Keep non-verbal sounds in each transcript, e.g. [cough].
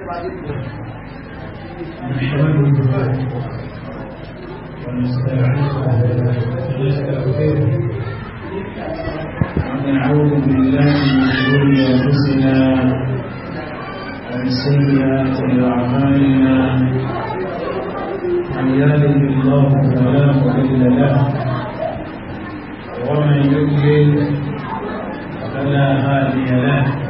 ونعوذ بالله من شرور انفسنا ومن سيئات اعمالنا من يهده الله فلا مضل له ومن يضلل فلا هادي له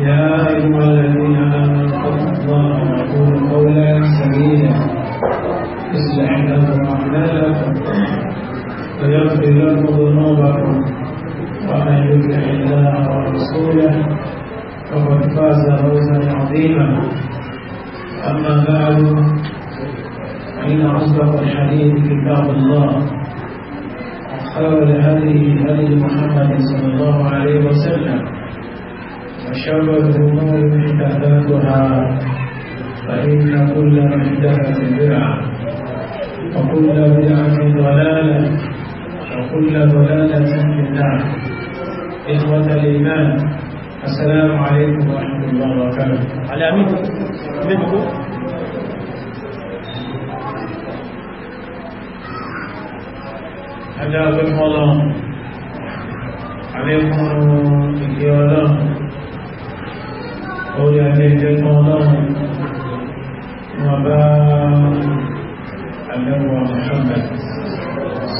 يا أيها الذين آمنوا اتقوا الله وقولوا قولا سديدا يصلح لكم أعمالكم ويغفر لكم ذنوبكم ومن يطع الله ورسوله فقد فاز فوزا عظيما أما بعد فإن أصدق الحديث كتاب الله وخير هذه هدي محمد صلى الله عليه وسلم وشر الأمور محدثاتها فإن كل محدثة بدعة وكل بدعة ضلالة وكل ضلالة في النار إخوة الإيمان السلام عليكم ورحمة الله وبركاته على أمين منكم أجابكم الله عليكم الإيمان orí ajẹ́jẹ́ fún ọlọ́run wọn bá àlẹ́wọ̀ Muhammad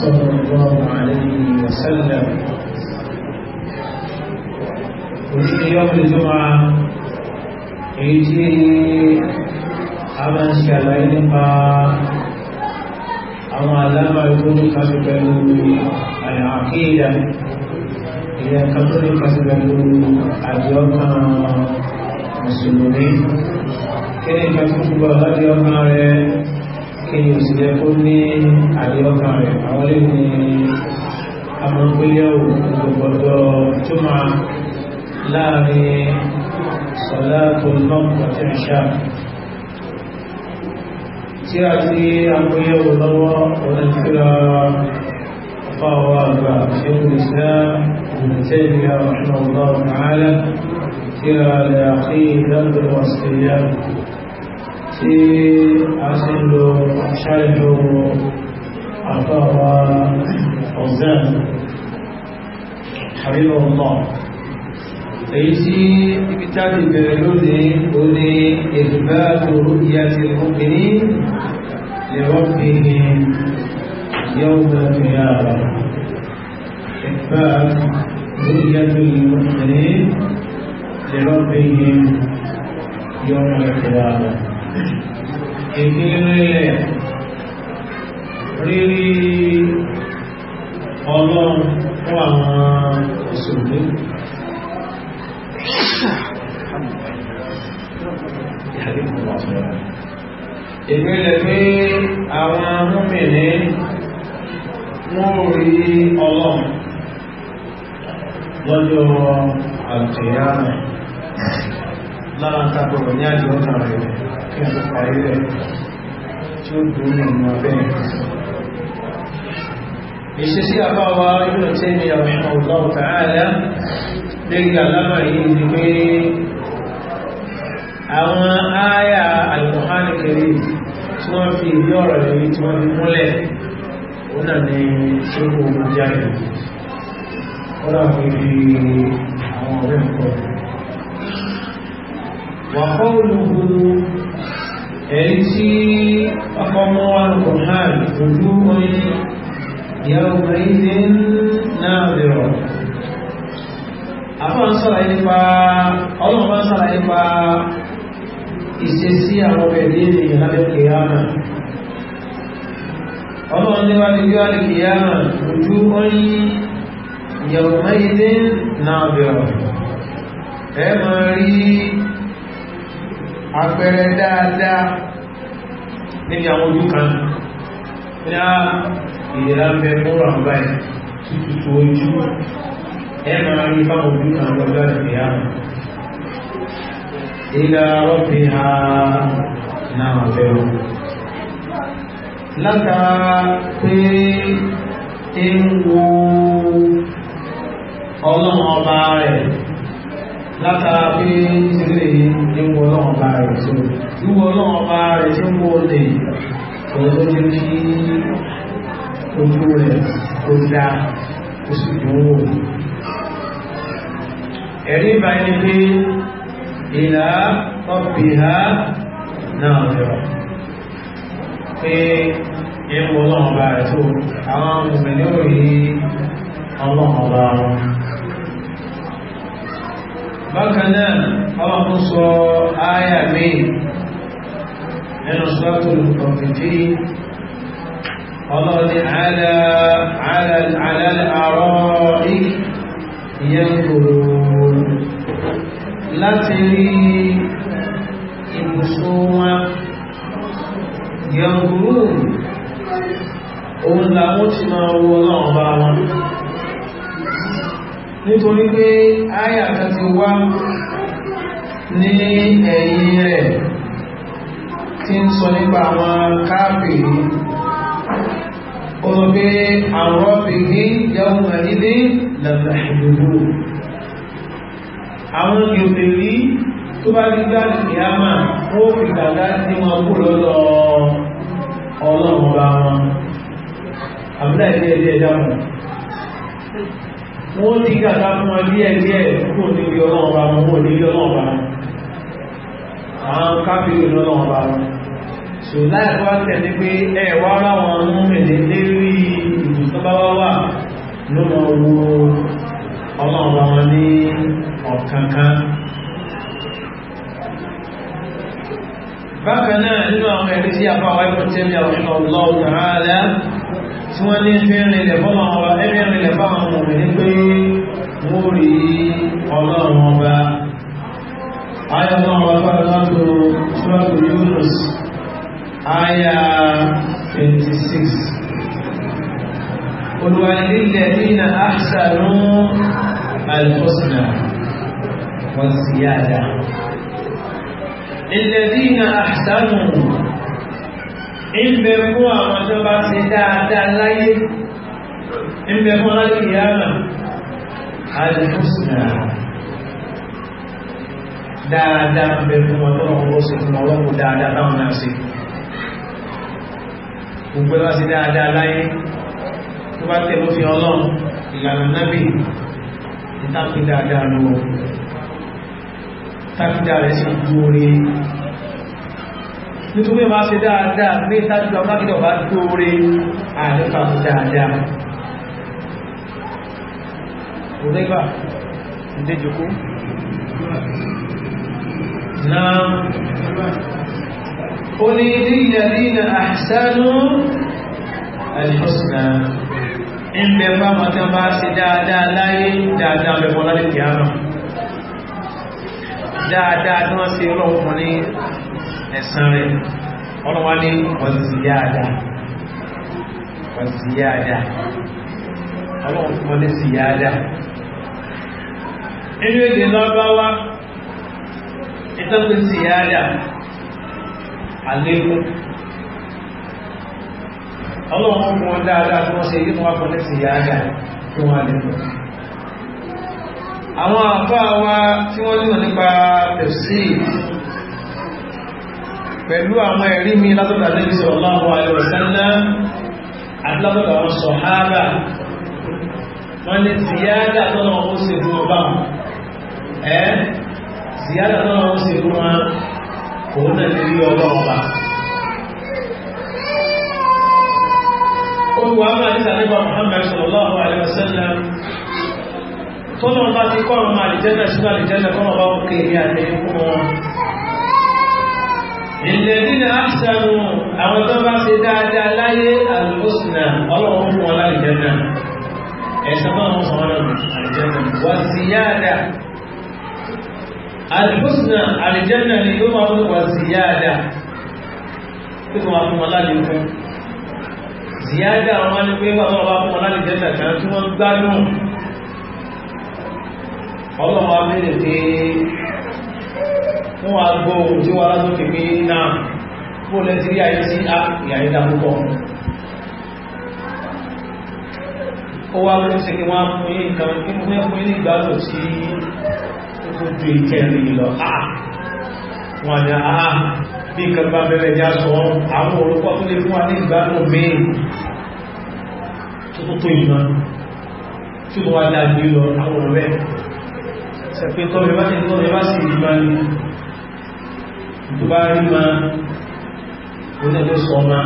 sallallahu alayhi wa sallam òṣìṣẹ́ ọ̀pẹ̀ tó wá èyí tí a máa ń ṣe àlàyé nípa àwọn aláàmà tó ní kásù pẹ̀lú àyàkíyà ìyẹn kan tó ní kásù pẹ̀lú àjọ́kan mùsùlùmí kí ni ìjọ fún gbogbo ọlọ́dẹ ọkàn rẹ kí ni òsìlẹ̀ kó ní àdé ọkàn rẹ àwọn lè ní amọ̀gbéléwò gbogbo tó máa láàrin sọ̀lá tó lọ́pọ̀ tí a ṣáà tí a ti àgbéyẹ̀wò lọ́wọ́ ọ̀lẹ́fẹ́ra fáwọn àgbà ṣe ń gbèsè ìrìntẹ́ ìrìn àwọn ọ̀nà ọ̀gá ọ̀gá يا لأخي ذنب واستيام في أصل شرح عطاء وزان حبيب الله فيسي كتاب بيروني قولي إثبات رؤية المؤمنين لربهم يوم القيامة إثبات رؤية المؤمنين لربهم يوم القيامة ìdílé rírí ọlọ́run fún àwọn òṣèlú ìgbélẹ̀ pé àwọn múmìnì wọ́n rí ọlọ́run lọ́jọ́ àjẹyàmẹ́ lára tàbọ̀rọ̀ ní àjọ́ta rẹ̀ kí a tọ́pa ilẹ̀ tí ó dùn ní ọmọ abẹ́ ìṣẹ́ sí àbáwa ìlú tí ní àwọ̀ṣọ́ ọ̀gbọ́n tààlá lórí alámà yìí ni pé àwọn ááyà tí wọ́n fi وقوله التي أقاموا القرآن وجوه يومئذ ناظرة àwọn sọ́ra nípa ọlọ́run bá sọ́ra nípa ìṣesí àwọn ẹ̀dẹ́ ènìyàn lábẹ́ kìíyàmà ọlọ́run nípa níbi wà ní kìíyàmà ojú oyin yawma idin náà bẹ̀rọ̀ ẹ máa rí àpẹẹrẹ dáadáa níbi àwọn ojú kan ní á ìlera ń bẹ mọ́rọ̀ àbá ẹ̀ tututu ojú ẹ máa rí báwọn ojú kan lọ́jọ́ ìyá ìlà rọ́bì ha náà bẹ̀rù látara pé ń wo ọlọ́run ọba rẹ̀ látara pé ìṣẹ́lẹ̀ ìwọ ọlọ́run bá rẹ̀ tó ìwọ ọlọ́run bá rẹ̀ tó ń wọ́n lè ọ̀rọ̀ tó ti kí ojú rẹ̀ tó dá ó sì dùn wò ẹ̀rí báyìí pé ìlà ọ̀bìhá náà rẹ̀ pé ìwọ rẹ̀ tó àwọn mùsùlùmí bákan náà ọmọ tó sọ ááyà mi nínú sọ́tún ọ̀pìtì ọlọ́ni àlàlẹ̀ àrọ́ ìyẹn kòrò láti rí ìbùsùn wọn yẹn kúrò òun làwọn ti máa wọ náà bá wọn nítorí pé àyà kan ti wá ní ẹ̀yìn rẹ̀ tí ń sọ nípa àwọn káàkiri ó sọ pé àwọn ọ̀pẹ̀gí yàwó àdídé lọ́nà ìlú àwọn ìrìnlẹ̀ tó bá rí gbáàdì ìyámà ó fi dàdá sí wọn kú lọ́dọ̀ ọlọ́run bá wọn àbúdá ìdí ẹ̀dẹ́ ẹ̀dá wọ́n ti gàdá fún wa díẹ̀ díẹ̀ kó níbi ọlọ́run bá wọn kó níbi ọlọ́run bá wọn àwọn káfíìn lọ́lọ́run bá wọn so láì wá tẹ̀lé pé ẹ wá láwọn múmìnì lérí ìtòsọ́báwá wà ló mọ owó ọlọ́run bá wọn ní ọ̀kankan bákan náà nínú àwọn ẹ̀rí sí àbáwá ẹ̀kọ́ tẹ́lẹ̀ ọ̀ṣọ́ ọlọ́run tààlà tí wọ́n lé fi rinlẹ̀ bọ́mọ̀ ọba ẹbí rinlẹ̀ báwọn ọmọ mi ní pé wọ́n rí ọlọ́run ọba ayọ̀ náà wọ́n bá lọ́tò ṣọ́ọ̀tò Yunus aya 26 olùwàlélẹ̀ nínà àṣàrò alfosna wọ́n sì yáda الذين أحسنوا ń bẹ fún àwọn tó bá ṣe dáadáa láyé ń bẹ fún láti ìyára alìfúsìnà dáadáa ń bẹ fún ọjọ́ ọ̀pọ̀ sí fún ọlọ́pù dáadáa táwọn náà sí gbogbo bá ṣe dáadáa láyé tó bá tẹ̀ ló fi ọlọ́run ìlànà nábì nítorí ma ṣe dáadáa ní ìtajúwà mákìdọ̀ bá dóore àdífà dáadáa òdẹ́gbà ìdẹ́jòkó na ó ní lilladhina ahsanu al-husna ìgbẹ̀ fáwọn tán bá ṣe dáadáa láyé dáadáa mẹ́fọ́ lálẹ́ kìí dáadáa tí wọ́n ṣe ọlọ́pùn ẹ̀sán rẹ̀ ọlọ́wà ní wọ̀síyáadá wọ̀síyáadá ọlọ́wà ní síyáadá inú èdè lọ́báwá ìtọ́gbé síyáadá àlékún ọlọ́wà fún wọn dáadáa fún wọn sí èyí wọn fún ní síyáadá tó wọn àlékún àwọn àfáà wa tí wọ́n nílò nípa tẹ̀síì pẹ̀lú àwọn ẹ̀rí mi látọ̀dà Nabi sallallahu alaihi wasallam àti látọ̀dà àwọn sọ̀hárà wọ́n ní ziyada tọ́nà ó sì fún ọba ẹ́ ziyada tọ́nà ó sì fún wọn òun náà lè rí ọba ọba olùwà máa ní sàlẹ́bà Muhammad sallallahu alaihi wasallam tọ́nà ọba ti kọ́ ìlẹ́dínà àṣàmù àwọn tó bá ṣe dáadáa láyé àlùkòsìnà ọlọ́run fún wọn láì jẹ́nà ẹ̀sán máa ń sọ ọ́nà àìjẹ́nà wà sí yáàdà àlùkòsìnà àìjẹ́nà ni yóò máa ń wà sí yáàdà tó máa fún wọn láì fún wọ́n wá gbọ́ ohun tí wọ́n lásòkè pé náà bó lẹ́ ti rí ayé sí ah, ìyàrí dákúkọ ó wá ló sí kí wọ́n fún yí nǹkan kí wọ́n fún yí nígbàtò sí ó ju ìkẹrin lọ ah, wọ́n ni àá ah, bí nǹkan bá bẹ̀rẹ̀ já sọ àwọn olùkọ́ tó lè fún wa ní wọ́n wá dájú lọ àwọn ọ̀rẹ́ sẹ̀pẹ́ tọ́rẹ bá sì ìgbà ni tó bá rí ma onílò sọ ma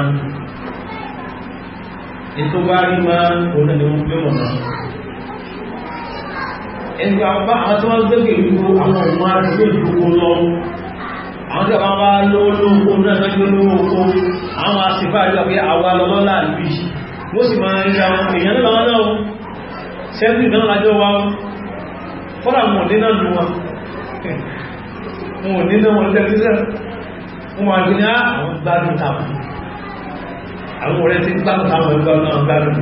ètò bá rí ma onílò yóò ma ẹgbẹ́ àpá àwọn tí wọ́n gbẹ́gbẹ̀ ìlú àwọn ọmọ àdúgbò ìlú lọ àwọn tí wọ́n bá lóòlóòkó náà mẹ́gbẹ́ lóòkó àwọn àṣìfà àjọ pé àwa lọ́lọ́lá àlúbí wọ́n sì máa rí àwọn èèyàn náà sẹ́gbì náà lájọ́ wa fọ́nà mọ̀dé náà lù wọn wọn ò nínú wọn tẹ́lifíṣẹ́ wọn máa gbé ní ah, àwọn gbádùn táwọn àwọn ọ̀rẹ́ ti gbádùn táwọn ẹgbẹ́ náà gbádùn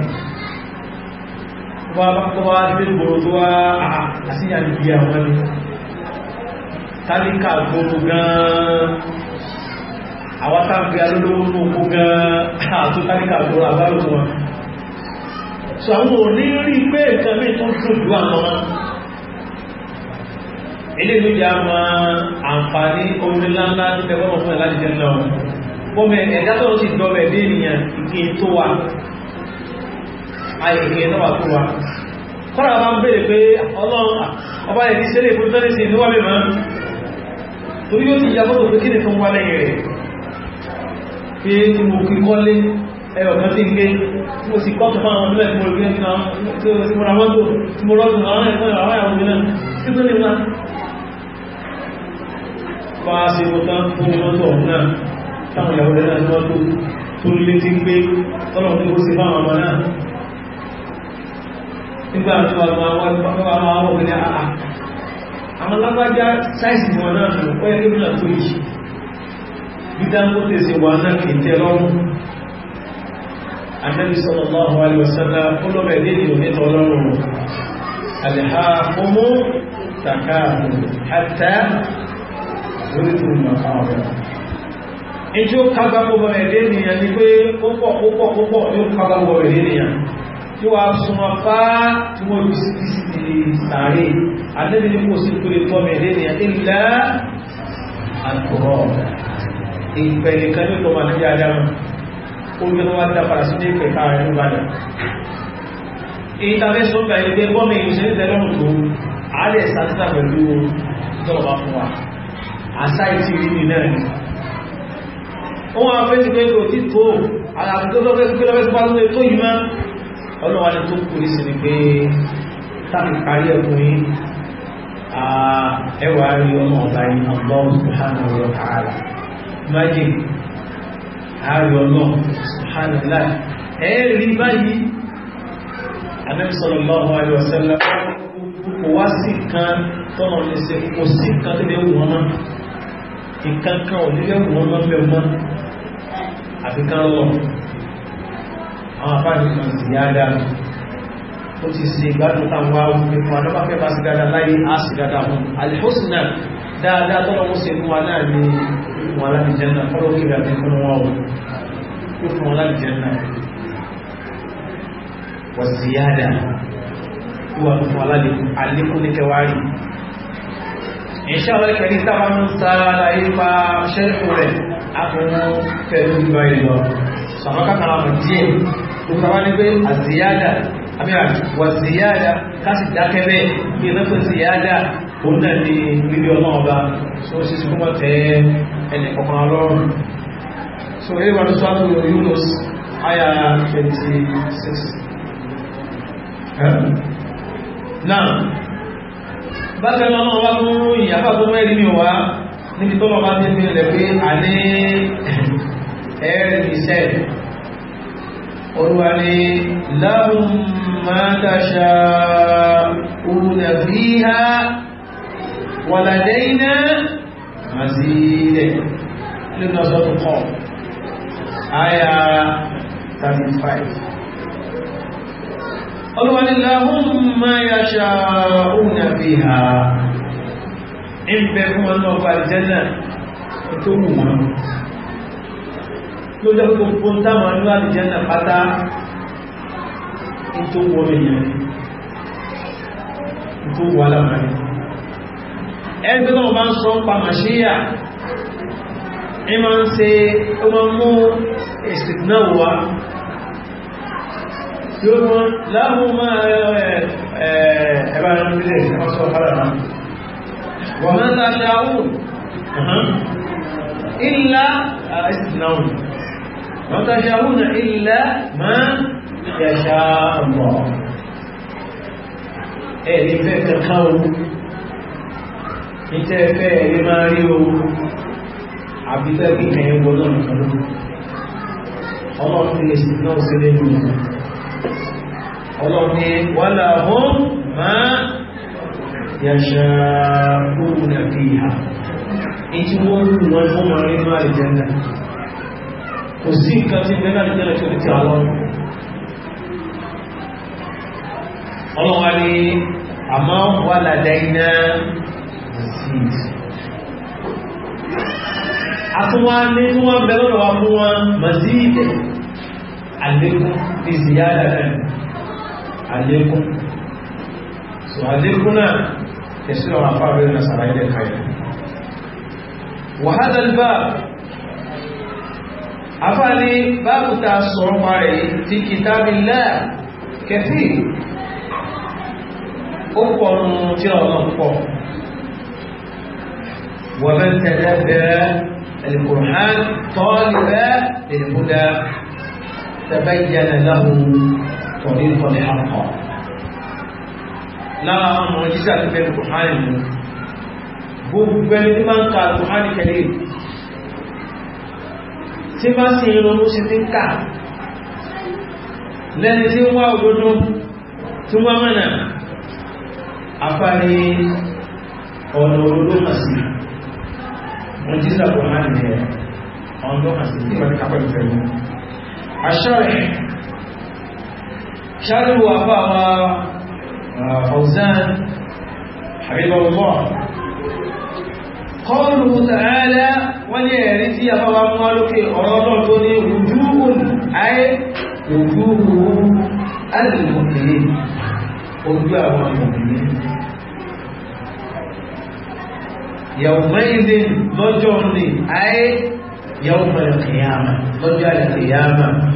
wọ́n wá dé gbòrò tó wá ah, àṣíyà ní ibi ah, àwọn ẹni tálíkà gbòrò gan-an àwọn tábí alólówó tó kó gan ilé ló yà máa àǹfààní omi ńláńlá ti fẹ́ fọ́mọ̀ fún ẹ̀ láti jẹ́ náà bọ́mọ ẹ̀dá tó ti dọ́mọ ẹ̀dá ènìyàn ìkí tó wa ayé ìkí náà wà tó wa kọ́ra bá ń bèèrè pé ọlọ́run ọba ẹ̀ ti ṣẹlẹ̀ fún tọ́lẹ̀ sí inú wà mẹ́mọ́ torí ó ti yàgò tó pé kí ni tó ń wá lẹ́yìn rẹ̀ pé tí mo kí kọ́lé ẹ̀rọ kan ti ń gbé tí mo sì kọ́ tó fáwọn ọmọdé tí mo rí ẹ̀ tí mo rọ́dùn àwọn ẹ̀kọ́ àwọn ẹ̀kọ́ àwọn ẹ̀kọ́ wá sí mọ́tán fún mọ́tò ọ̀hún náà táwọn ìyàwó rẹ̀ náà lọ́tò tó lé tí pé ọlọ́run tó sì fáwọn ọmọ náà nígbà tó àwọn àwọn àwọn obìnrin àà àwọn lágbájá sáìsì wọn náà lò pẹ́ nígbà tó yìí sallallahu alaihi wasallam kólọ́bẹ̀ lédè òní tọ́lọ́rùn orísun ìmọ̀ká ọ̀rẹ́ ìjú kágbàgbọ́ ẹ̀dẹ́ ènìyàn ni pé púpọ̀ púpọ̀ púpọ̀ ní kágbàgbọ́ ẹ̀dẹ́ ènìyàn tí wà súnmọ́ fá tí wọ́n yóò sí ti sí sàárè àdébì ní kò sí tó lè tọ́ ẹ̀dẹ́ ènìyàn ilẹ̀ àkùrọ̀ ìpẹ̀lẹ̀ kan ní tọ́mà níjà dáná ó gbé wọn dá padà sí ní ìpẹ̀ká rẹ̀ ní ìbàdàn èyí tàbí sọ́gbà ẹgbẹ́ bọ́mì ìṣẹ́lẹ̀ tẹ́lọ́rùn tó àádẹ́ sàtìlà pẹ̀lú tọ́lọ̀ fún wa àṣà ìtì ìrìnì náà ni wọ́n wá fẹ́ ti pé kò tí tó àràbìtọ́lọ́fẹ́ Ààrẹ ọlọ́run, ṣàhánàlá, ẹ̀ẹ́rì báyìí anẹ́bìsọ̀lọ́lọ́wọ́ ayọ̀sẹ́lẹ̀ kò wá sí kan tọ́nà lè ṣe kò sí kan tó lè wọ́n náà nǹkan kan ò nílé wọn máa ń bẹ mọ́ àfi kan lọ àwọn àfáàní kan sì yá dáa ó ti ṣe ìgbádùn táwọn àwọn ìpínlẹ̀ wọn lọ́pàá fẹ́ bá sí dáadáa láyé á sì dáadáa mọ́ àlìfóṣìnà dáadáa tọ́lọ mú sí fún wa ní wọn láti fọ́lọ́ kiri àti fún wọn ó fún wọn ìṣàlẹ̀ kẹrí sábà ń sára láyé pa ṣẹ́rẹ̀kù rẹ̀ àfihàn pẹ̀lú ìgbà ìlọ sọ̀rọ̀ kàkàrà ọ̀rọ̀ díẹ̀ tó sábà ní pé àzíyádà àbíyà wà zíyádà káṣì dákẹ́ bẹ́ẹ̀ bí ẹlẹ́pẹ̀ zíyádà ó ń dàní níbi so eré wà lóṣù àtò 26 now bákan náà wọ́n tó ìyàbá tó mẹ́rin mi wá níbi tó lọ́ba ti fi rẹ̀ pé a ní ẹ̀rìn iṣẹ́ olúwa ni lahum ma tasha'una fiha wa ladayna mazid lẹ́nu ọ̀sán kọ́ 35 ọlọ́wọ́n láhùn máa yà ṣàrùn àfi ha ń bẹ fún wọn náà bá jẹ́nà tó wù wọn ló jẹ́ gbogbo táwọn ní àlìjẹ́nà pátá tó wọ èèyàn tó wọ alámàrí ẹgbẹ́ náà bá ń sọ ń pa ń ṣe ó mú ìsìnkú náà wá tí ó mọ́ láàrùn máa ẹ̀bá ìrìnlẹ̀ ìṣẹ́mọ́sọ́ ọ̀hárà náà wọ́n máa ta ṣáhùn ìlà àìsìnáhùn wọ́n ta ṣáhùn ìlà máa yàṣà mọ̀ ẹ̀rí fẹ́fẹ́ káwọn ìtẹ́fẹ́ ẹ̀rí máa rí o àbítẹ́ kíkẹ́ ẹgbọ́n náà ọmọ fi lè náà sílé nínú ọlọ́ni wàlá hún máa yàṣà òun àti ìhà ìtí wọ́n rú wọn fún wọn nínú àìjẹ́nà kò sí nǹkan tí bẹ́ẹ̀ náà jẹ́lẹ̀ tó ti àlọ́ ọlọ́wà ni àmọ́ wà làdáiná zid àtúnwà nínú wọn bẹ̀rẹ̀ lọ́wọ́ fún wọn mazid علمكم في زيادة علمكم سأذكرنا يسير رفع بين سرائل الخير وهذا الباب أفعلي باب تأسر معي في كتاب الله كثير أقوى ترى الله ومن تدبر القرآن طالبا للهدى تبين له طريق الحق lára àwọn ọmọ jísà tó bẹ̀rẹ̀ kùhánì mú gbogbo ẹni tí máa ń ka kùhánì kẹlẹ̀ tí bá sí irun ó sì ti ń ká lẹ́ni tí ń wá òdodo tí wọ́n mọ̀nà afárí ọ̀nà òdodo mà sí ọmọ jísà kùhánì الشرح شارع الوفاء آه، فوزان حبيب الله قوله تعالى وليرث يفوى مالك أرادتني وجوه أي وجوه المؤمنين وجوه المؤمنين يومئذ ضجرني أي يوم القيامة رجع القيامة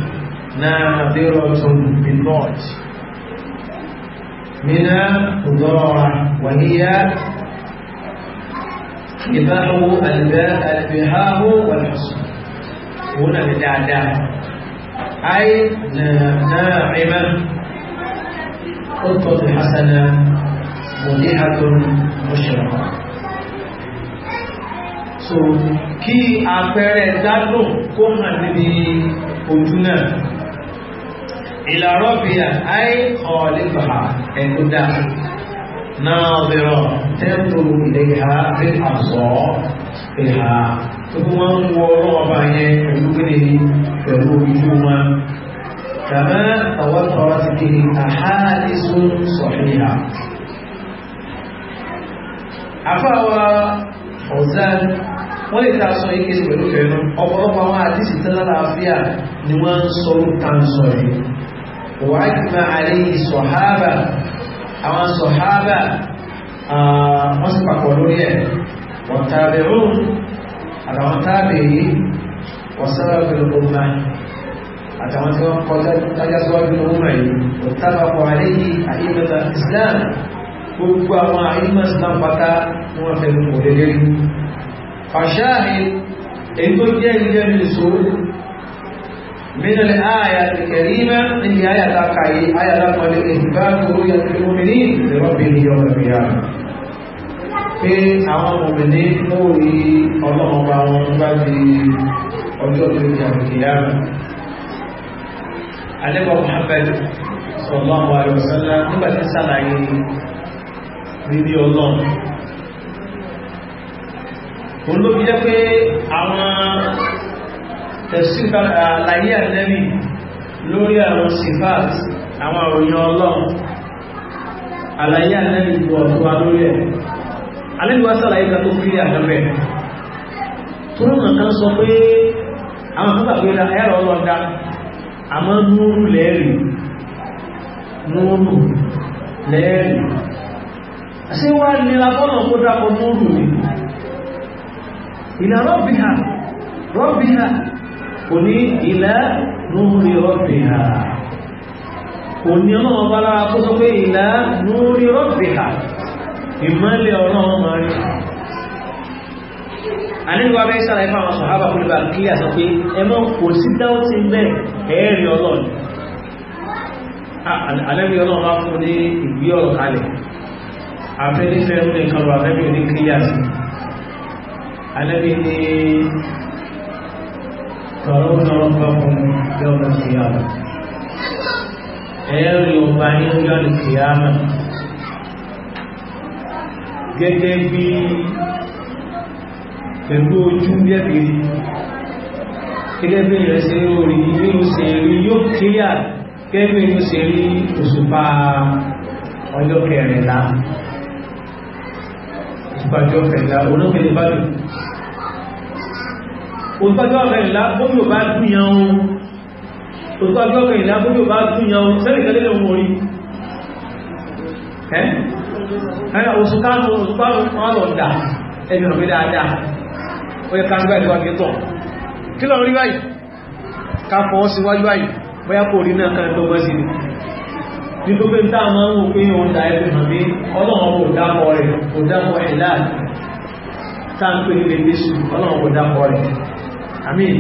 ناظرة بالموت من الضرع وهي نباح البهاء والحصن هنا بدعداء أي ناعمة قطة حسنة مليئة مشرقة so kí àpẹẹrẹ dádùn kó hàn níbi ojú náà ìlàrọ̀ bí i àì ọ̀lẹ́gbà ẹ̀kú dá náà bẹ̀rọ̀ tẹ́tù ìlẹ́gbà bí àṣọ ìhà tó kú wọ́n ń wọ ọ̀rọ̀ ọba yẹn pẹ̀lú kíni pẹ̀lú ojú wọn kàmá tọwọ́tọwọ́ ti kiri àhádìsún sọ̀hìyà afáwa ọ̀zán wọ́n lè ta sọ ike sí pẹ̀lú fẹ̀ẹ́nu ọ̀pọ̀lọpọ̀ àwọn àdísì tán lálàáfíà ni wọ́n ń sọ tàǹsọ̀ yìí wàá jùmọ̀ àlẹ́ ìsọ̀háàbà àwọn sọ̀háàbà wọ́n sì papọ̀ lórí ẹ̀ wọ́n tàbí rún àtàwọn tàbí yìí wọ́n sábà pẹ̀lú ọmọ àtàwọn tí wọ́n kọ́ tájá síwájú ọmọ yìí wọ́n tábà pọ̀ àlẹ́ yìí àyíkọ̀tà Islam gbogbo àwọn àyíkọ̀ Islam pátá ni wọ́n fẹ́ فشاهد إن كنت يجب السؤول من الآية الكريمة من آية تقعي آية لقد إثبات رؤية المؤمنين لربهم يوم القيامة في àwọn mọ̀mìnì lórí ọlọ́mọba wọn bá di ọjọ́ tó di àmìkìyàmù alẹ́bọ̀ Muhammad sallallahu alaihi wasallam nígbàtí sàlàyé níbi ọlọ́run olóbi jẹ́ pé àwọn tẹ̀sí àlàyé ànẹ́bì lórí àwọn sifat àwọn òyìn ọlọ́run àlàyé ànẹ́bì bọ̀ ọ̀tọ́wà lórí ẹ̀ alẹ́bíwá sàlàyé ká tó fi àjọpẹ̀ tó rọ̀nà kan sọ pé àwọn tó gbàgbé ẹ̀rọ ọlọ́dá àmọ́ núrù lẹ́ẹ̀rì núrù lẹ́ẹ̀rì àṣíwá nira fọ́nà kó dákọ̀ núrù ni ìlà rọ́bìhà rọ́bìhà kò ní ìlà núrí rọ́bìhà kò ní ọmọ ọba lára kó sọ pé ìlà núrí rọ́bìhà ìmọ́lẹ̀ ọ̀rọ̀ ọmọ rí àníwá bẹ́ sára ẹfà àwọn sọ̀hábà kó lè bá kílíà sọ pé ẹmọ́ kò sí dáútì bẹ́ẹ̀ ẹ̀ẹ́rì ọlọ́run àlẹ́bí ọlọ́run bá fún ní ìgbé ọ̀rọ̀ kalẹ̀ àfẹ́ nífẹ̀ẹ́ ní kan lọ àfẹ́bí oníkílíà sí الذي ترون ربكم يوم القيامة ẹ̀rù ọba ní ọjọ́ ìkìyàmà gẹ́gẹ́ bí pẹ̀lú ojú gẹ́gẹ́rí gẹ́gẹ́ bí rẹ̀ sí orí yóò ṣe rí yóò kíyà gẹ́gẹ́ bí yóò ṣe rí òṣùpá ọjọ́ kẹrìnlá òṣùpá ọjọ́ kẹrìnlá olókèlè bá dùn òtọ́jọ́ kẹrìnlá bóyò bá dúnyàn ohun òtọ́jọ́ kẹrìnlá bóyò bá dúnyàn ohun sẹ́lẹ̀kẹ́lẹ́ lè wọ́n rí ẹ́ òṣùkánù òṣùkánù ọlọ́dà ẹni ọ̀gbẹ́ dáadáa ó yẹ káńgbà ìlú àgbẹ́tọ̀ kí lọ rí báyìí káfọ́ síwájú báyìí bóyá kò rí náà kan dọ́gbọ́n sí ni nítorí ń tàà máa ń wò pé yóò dá ẹgbẹ̀ hàn ní ọlọ́run kò dápọ̀ rẹ̀ kò dápọ̀ ẹ̀ láàrín táà ń pè ní lè jésù ọlọ́run kò dápọ̀ rẹ̀ àmín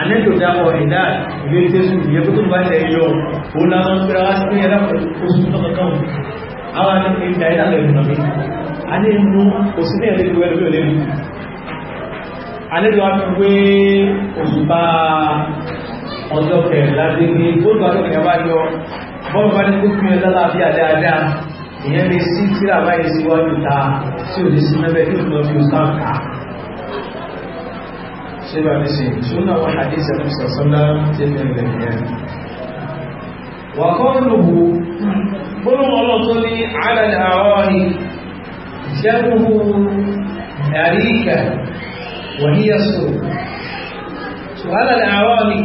anẹ́tò dápọ̀ ìdá ilé tẹ́sù ìyẹ́ tó tún bá tẹ̀ yọ ó lámọ́ ń pẹ́ra wá sí pé ẹ̀dá oṣù tọ́kọ̀kan àwọn anẹ́tò ìdá ìdá lẹ́nu nàmí anẹ́nu oṣù ní ẹ̀rẹ́ ìwẹ́ lórí olè anẹ́tò wá fi wé oṣù bá ọjọ́ kẹrìnlá dé ní gbogbo àwọn ìyàwó ayọ bọ́ọ̀ bá ní gbogbo ẹ̀ lálàáfíà dáadáa ìyẹn lè sí tíra báyìí síwájú ta tí ò lè sí mẹ́bẹ̀ẹ́ tó lọ fi ó sáà ṣe bá ní sí ṣúnà wọn hadith ẹ̀mí sọ̀sọ́lá tí ó ń rẹ̀ yẹn wà kọ́ lùhù gbólóhùn ọlọ́tọ́ ní alẹ́ àwọn ni jẹ́rùhù àríkà wà ní yẹ́sọ̀ so alẹ́ àwọn ni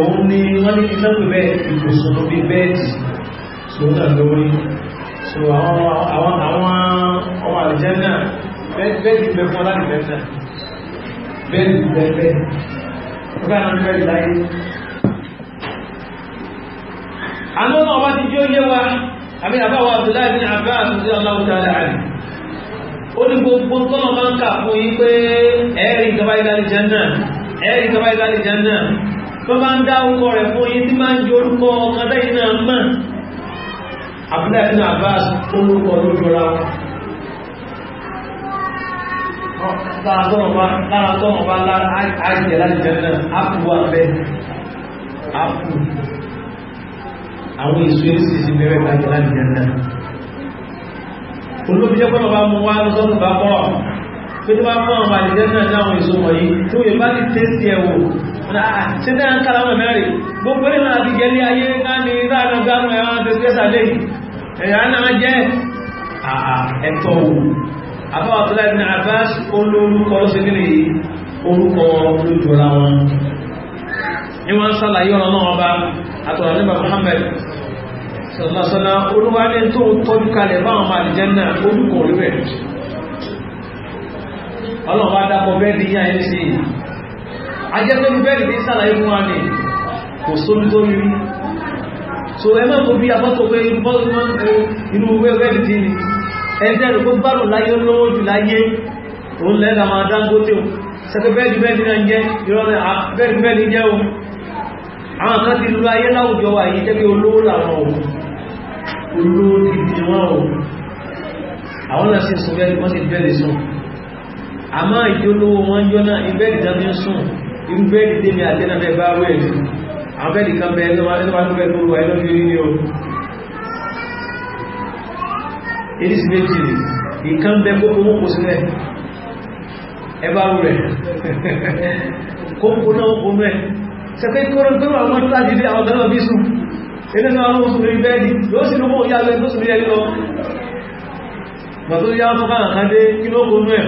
òun ni wọ́n ní ìṣẹ́kù bẹ́ẹ̀ bí bẹ́ẹ̀dì bẹ́ẹ̀lì bẹ́ẹ̀bẹ́ ọgbà àwọn bẹ́ẹ̀lì láyé àmọ́nà ọba ti jí ó yé wa àmì àbáwà abdullahi bin abba àtúnṣe aláwùjá láàrin ó ní gbogbo tọ́nà máa ń kà fún yí pé ẹ̀rí ìjọba ìdálẹ̀ jẹ́nà ẹ̀rí ìjọba ìdálẹ̀ jẹ́nà tó bá ń dá orúkọ rẹ̀ fún yí tí máa ń jẹ orúkọ ọmọdé yìí náà mọ̀ abdullahi bin Abbas, orúkọ lójú ra wọn lára tọ́nà bá lára àìjẹ̀ láti jẹ́nà ápù wà bẹ́ ápù àwọn èso èsì sí bẹ́rẹ̀ àìjẹ̀ láti jẹ́nà olóbi jẹ́ pẹ́lú bá mú wá lọ́sọ́nù bá bọ́ pé tí bá mọ́ àwọn àìjẹ́ náà ní àwọn èso wọ̀nyí tí ó yẹ bá ah, ah, ti tẹ́sí ẹ̀wò ṣe tẹ́ ń kára wọn mẹ́rin gbogbo ẹ̀rọ àti jẹ́lé ayé náà ní ráàdọ̀ gánú ẹ̀wọ̀n tẹ́sí ẹ̀sà lẹ́yìn ẹ̀yà náà jẹ́ ah, ẹ̀tọ́ òun àbáwọ̀ Abdullahi ibn Abbas olórúkọ ló ṣe nílé orúkọ lójúra wọn ni wọ́n sàlàyé ọ̀rọ̀ náà ọba àtọ̀rọ̀ nípa Muhammad sọ̀lọ́sọ́lá olúwa ní tó tọ́jú kalẹ̀ báwọn máa jẹ́ náà orúkọ orí rẹ̀ ọlọ́wọ́ adápọ̀ bẹ́ẹ̀dì yá ẹ̀ sí ajẹ́gbẹ́rú bẹ́ẹ̀dì ní sàlàyé fún wa ní kò sóbi tó rí so ẹ mọ́ tó bí abọ́tọ̀ pé inú bẹ́ẹ̀dì tí ni ẹ̀ńtẹ́ rẹ̀ kó gbárùn láyé olówó jù láyé òun lẹ́la máa Dangote o sẹ́kẹ́ bẹ́ẹ̀dì bẹ́ẹ̀dì náà jẹ́ ìrọ̀lẹ́ bẹ́ẹ̀dì bẹ́ẹ̀dì jẹ́ o àwọn kan ti lu ayé láwùjọ wa yìí jẹ́ olówó làwọn o olówó ti di wọn o àwọn náà sì sùn bẹ́ẹ̀dì wọ́n sì bẹ́ẹ̀dì sùn àmọ́ ìdí olówó wọn jọ náà ìbẹ́ẹ̀dì dábí ń sùn irú bẹ́ẹ̀dì dé mi àtẹ́nà eléṣì méjì ni nǹkan bẹ kókó wọ́n kó sílẹ̀ ẹ bá rú rẹ̀ kókó náà wọ́n kó mẹ́ sẹ́pẹ́ kọ́rọ̀ pẹ̀lú àwọn tàbí bí àwọn gánà bí sùn eléṣì àwọn oṣù rí bẹ́ẹ̀dì yóò sì lówó ìyá rẹ̀ tó sì rí ẹni lọ gbàtó yá tó bá nǹkan dé kí ló kó mẹ́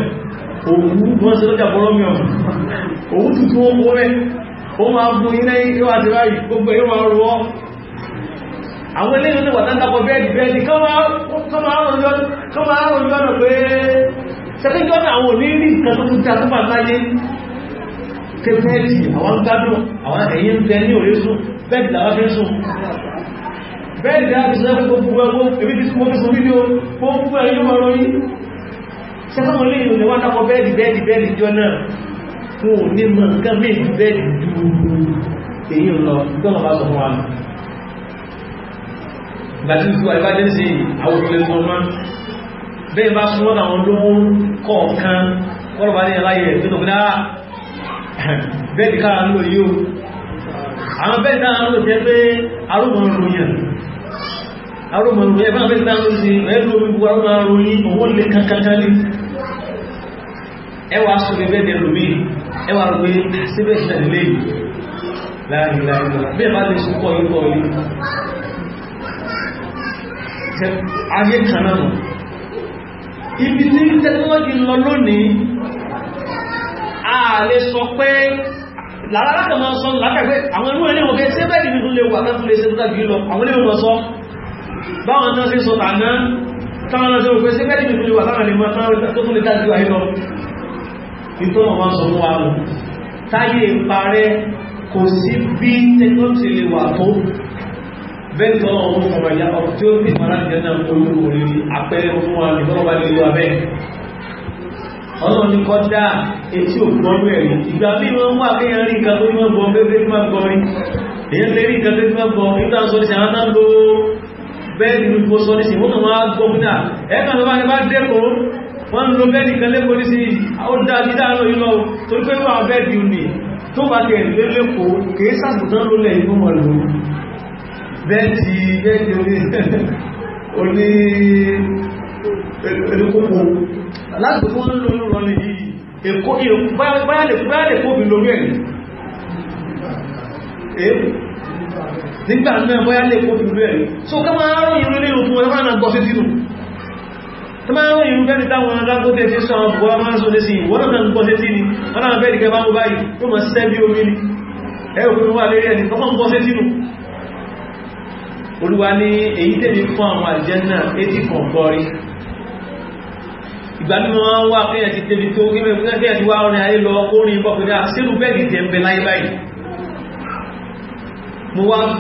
òwú wọ́n sì lọ́jà bọ́rọ́ mi ọ̀hún òwú tuntun ó kó mẹ́ ó máa bu iná yóò àti báyìí gbogbo yóò máa àwọn ilé ìlú wàtàndàpọ̀ bẹ́ẹ̀dì bẹ́ẹ̀dì kọ́mọ̀ àrùn yọ́nà pé ṣẹ́kẹ́jọ́nà àwọn onírí nǹkan tó já tó pàtà yé kẹfẹ́ẹ̀lì àwọn gbádùn àwọn ẹ̀yìn bẹ ní òrésùn bẹ́ẹ̀dì làwọn fẹ́ sùn bẹ́ẹ̀dì láti sọ fún gbogbo ẹgbó ebi ti mọ́ fún fídíò fún fún ẹ̀yìn mọ́rọ̀ yìí ṣẹ́kọ́mọ̀ lè yìí wàtàndàpọ̀ bẹ́ẹ̀dì bẹ́ẹ̀dì bẹ́ẹ̀dì jọ náà fún òní mọ̀ nǹkan méjì bẹ́ẹ̀dì ju èyí lọ tó lọ bá sọ fún wa ìgbàtí ìfú àìbájẹ́sì àwọn ìpínlẹ̀ ọmọ bẹ́ẹ̀ bá súnmọ́ àwọn olówó kọ̀ọ̀kan kọ́lọ̀bá ní aláyẹ̀ ìpínlẹ̀ ah! [laughs] bẹ́ẹ̀dì kára ń lò yíò àwọn bẹ́ẹ̀dì kára ń lò jẹ́ pé arúgbọ̀n ròyìn ayé kan náà ibi tí tẹ́tọ́lọ́jì lọ lónìí a lè sọ pé lálákà máa sọ látàgbé àwọn ẹrú ẹni òkè tí bẹ́ẹ̀ nínú lè wà láti lè ṣe tó tàbí lọ àwọn ilé wọn sọ báwọn náà sí sọ tàná táwọn náà sí òkè sí bẹ́ẹ̀ nínú lè wà láwọn ilé wọn tó tún lè dájú ayé lọ nítorí wọn sọ fún wa lọ táyé parẹ́ kò sí bí tẹ́tọ́lọ́jì lè wà tó bẹ́ẹ̀ tó ọmọ ọmọ ọmọ ìyá ọmọ tí ó sì fara jẹ́ náà olú orí apẹ́rẹ́ fún wa lọ́wọ́ bá lè wà bẹ́ẹ̀ ọlọ́run ní kọjá etí ògbọ́nú ẹ̀rí ìgbà bí wọ́n wà kéèyàn rí nǹkan tó máa gbọ́ bébé tó máa gbọ́ rí èyàn lè rí nǹkan tó máa gbọ́ nígbà tó ṣe àwọn náà lo bẹ́ẹ̀dì ní kó sọ ní sí wọ́n náà wọ́n á gbọ́ fún náà ẹ̀ka tó bá ní bá dẹ́kọ̀ọ́ wọ́n lo bẹ́ẹ̀dì kan lẹ́kọ̀ọ́ ní sí ó dá sí dáa lóyún lọ torí pé wọ́n bẹ́ẹ̀dì ní tó bá tẹ̀ lé lẹ́kọ̀ọ́ lólẹ̀ ìgbọ́mọ̀ bẹ́ẹ̀tì bẹ́ẹ̀tì [laughs] oní ẹ̀lúkòkò láti fún lórí rọ ní yìí èkó báyàlè kó bí lórí ẹ̀ nígbà náà báyàlè kó bí lórí ẹ̀ so ká máa rán ìrú ilé ìrùkú ẹ̀fà náà gọ́ sí tínú tó máa rán ìrú bẹ́ẹ̀ni táwọn alágbótẹ́ tí sọ ọgbọ̀ a máa sọ lé sí ìwọ́n náà gọ́ sí tínú ọ̀nà bẹ́ẹ̀ni kẹ olúwa ní èyí tẹ́lẹ̀ fún àwọn àlùjánnà etí kan gọrí ìgbàlúmọ̀ wọn wá pé ẹ̀ ti tẹ́lẹ̀ tó gbé mẹ́fún náà tẹ́lẹ̀ wá orin ayé lọ orin bọ́ pẹ̀lú àṣírù bẹ́ẹ̀dì tẹ́ ń bẹ láyé báyìí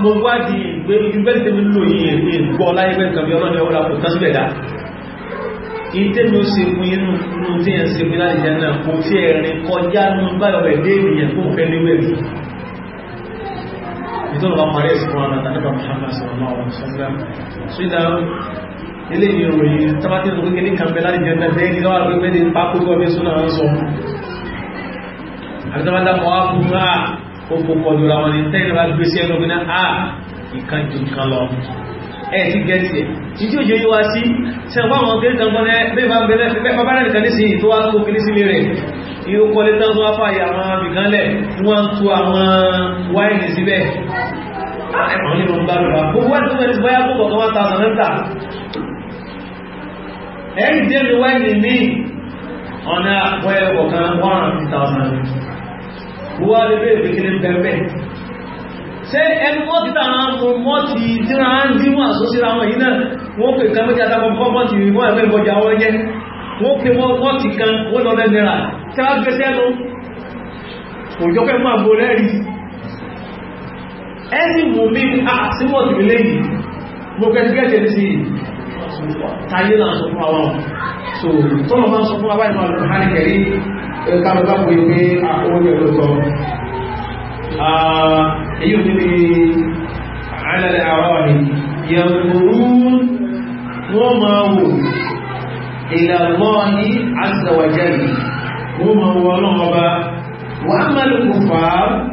mo wá di ìgbé ibi bẹ́ẹ̀dì tẹ́mi lò yìí èmi gbọ́ láyé bẹ́ẹ̀ kàbí ọlọ́dẹ ọlá kò tán síbẹ̀ dá ìtẹ́mi ó sekun inú inú tí ẹ̀ sekun láti jẹ́ náà kò tí ẹ̀rin kọjá nínú báyọ̀ bẹ̀ dé ènìyàn tó fẹ́ níwẹ̀ tó bá parí ẹ̀sìn wọn àtàlẹ́bà Muhammad sallallahu alaihi wasallam so ìdá ilé ìròyìn tàbátí ìlú kékeré kàmbẹ̀ láti jẹ́ ẹ̀dẹ́ ẹ̀dẹ́ lọ́wọ́ àwọn ẹgbẹ́ ní pápó tó ọbẹ̀ súnà ń sọ àbítàbátà mọ́ á fún rà ó kó pọ̀ lóra wọn ní tẹ́lẹ̀ bá gbé sí ẹnu gbéná á ìkan ju nǹkan lọ ẹ̀ ti gẹ̀ẹ́sì ẹ̀ tí tí òjò yóò wá sí ṣe ọ̀pá àwọn kékeré kan gbọ́n bẹ́ẹ̀ bá ń bẹ́ẹ̀ bẹ́ẹ̀ bá nìkan ní sí ìtò wá tó kiri sí rẹ̀ ìyókọ́lé tán tó wá fàyè àwọn àwọn nínú gbàlùwà gbogbo wà tó mẹ́rin bóyá púpọ̀ tó wá ta ọ̀sán mẹ́ta ẹ̀rí tí ẹni wá ní ní ọ̀nà àpọ̀ẹ́ ọ̀kan 100,000 wúwá lè bèèrè pé kílé pẹ̀pẹ̀ ṣe ẹni wọ́n ti tàà mọ́ mọ́ ti tíra ń díwọ̀n àṣó síra wọn yìí náà wọ́n pè kan méjì àtàkọ́ pọ́pọ́ ti rí wọ́n ẹgbẹ́ ìbọjà wọ́n jẹ́ wọ́n pè wọ́n ti kan wọ́n lọ lẹ́nira tí a gbẹ́sẹ́ lọ òjò pẹ́ mọ́ àbò rẹ́rìí ẹni mú mi àtíwọ̀ tí lè yìí mo gẹ́gẹ́gẹ́ sí tayé náà sọ fún àwọn so tọ́nà máa sọ fún àwọn ìmọ̀ àwọn ìrọ̀tọ̀ èyí òní ni àálẹ́lẹ́ àwọ́ ni yẹ̀kùrún wọ́n ní azza wa jalla wọ́n máa wọ́n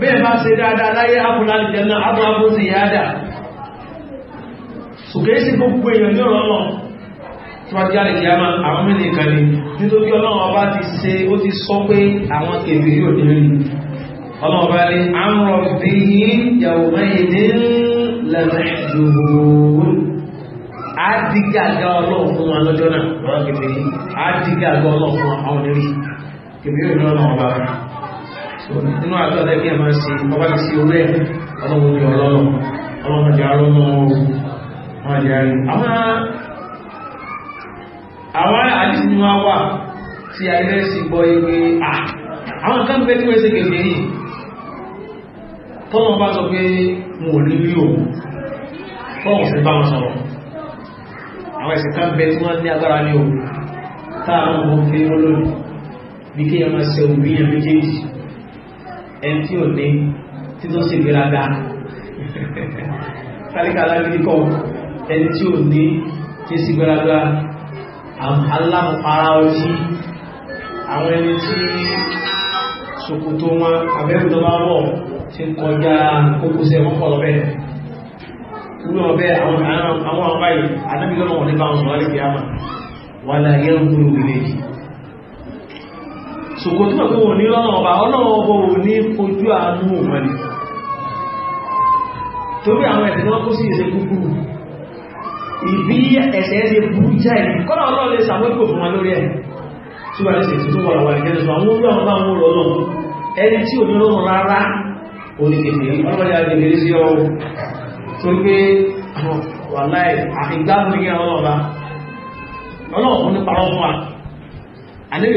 bẹ́ẹ̀ bá ṣe dáadáa láyé àbúláàlì jẹ́nà àbúláàbò sí yáadà ṣùgbẹ́ sí gbogbo èèyàn ní ọ̀rọ̀ náà tí wá jáde kí a máa àwọn mẹ́lẹ̀ kan ní nítorí ọlọ́run ọba ti ṣe ó ti sọ pé àwọn kèbè yóò dé rí ọlọ́run ọba ní àmúrọ̀ bí i yàwó mẹ́yìn lẹ́mẹ̀ẹ́dùn á dìgàgà ọlọ́run fún wọn lọ́jọ́ náà àwọn kèbè yìí á dìgàgà ọlọ́run fún àwọn onírí kèbè yóò ní ọlọ́run nínú àdúrà tẹ́ kí ẹ máa ṣe ọba ti ṣe orí ẹ̀ ọlọ́run ní ọlọ́run ọlọ́run jẹ́ arọ́nà wọn jẹ́ àrí àwọn àdísì wá wà tí ayẹ́ sì gbọ́ ewé àwọn kan bẹ́ tí wọ́n ṣe kèfèé yìí tọ́nà bá sọ pé mo ò ní rí òun tọ́nà bá wọ́n ní ẹni tí ò ní tí tó sì gbéraga kálíkà alágbèékọ ẹni tí ò ní tí sì gbéraga alámùpara ọtí àwọn ẹni tí ṣòkòtò wọn abẹ́rù tó bá wọ̀ ti kọjá kókósẹ̀ wọn kọ̀ lọ́bẹ̀ irú ọbẹ̀ àwọn àwọn àbáyé anábìlọ́nà wọn nípa àwọn sọ̀rọ̀ lè fi àmà wà láyé ń kúrò nílé yìí ṣùgbọ́n tí wọ́n pé wọ́n ní lọ́nà ọba ọlọ́run ọba ò ní fojú àánú wọn ni torí àwọn ẹ̀sẹ̀ tí wọ́n kó sí ìṣe kúkúrú ìbí ẹ̀sẹ̀ ẹ̀sẹ̀ burú jáì ní kọ́nà ọlọ́run lè ṣàmójúkò fún wọn lórí ẹ̀ tí wọ́n lè ṣe tuntun wà wà ìjẹ́ sọ àwọn orí àwọn bá wọn lọ́nà ẹni tí ò ní lọ́nà rárá oníkèké ọlọ́run yà gbègbè sí ọ torí pé wà láì àìgbàmù ní ọlọ́run ọba ọlọ́run ní parọ́ fún wa àníbi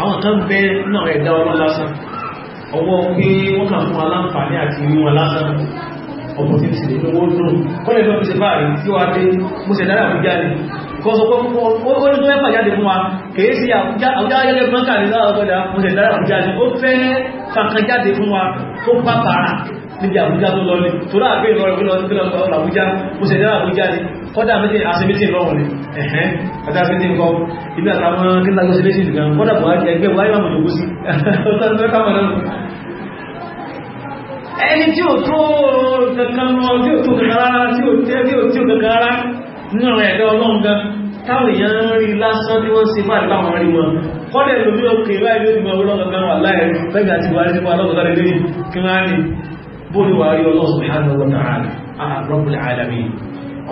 àwọn kan bẹ́ náà ẹ̀dá ọlọ́run lásán ọwọ́ pé wọ́n kà fún aláǹfààní àti inú alásán ọmọ tí ó sì lè wọ́n dùn kọ́lẹ̀ lọ sí báyìí tí ó adé mú sí dára àbújá ní kọ́sọ̀ pé ó ní tó mẹ́fà jáde fún wa kèé sí àbújá ayẹ́lẹ́ bọ́nkà ní láàrọ̀tọ́dá mú sí dára àbújá ní ó fẹ́ kankan jáde fún wa tó pápára níbi àbújá tó lọ ní torí àgbé ìlọrin fún ọdún kílọ̀ ọ̀nà àbújá ó ṣe dára àbújá ní kọ́dá mítí àṣemítí lọ́wọ́n ní ẹ̀hẹ́n kọ́dá mítí nǹkan ibi àtàwọn kílágọ́sí lé sí ìdìgan kọ́dà bọ̀ ẹgbẹ́ wáyé wà mọ̀jọ̀gbó sí ẹni tí ó tó kankan wọn tí ó tó kankan rárá tí ó tẹ́ tí ó tí ó kankan rárá nínú ọ̀rọ̀ ẹ̀dọ́ ọlọ́run gan táwọn èèyàn ń rí lásán tí wọ́n ṣe máa ní báwọn rí wọn kọ́dẹ̀ lómi òkè báyìí ló ń gbọ́ ọlọ́run gan wà láì fẹ́gbà tí wọ́n rí wọn lọ́gbọ̀n lórí kí wọ́n á ní bóni wà rí Allah subhanahu wa ta'ala Rabbul alamin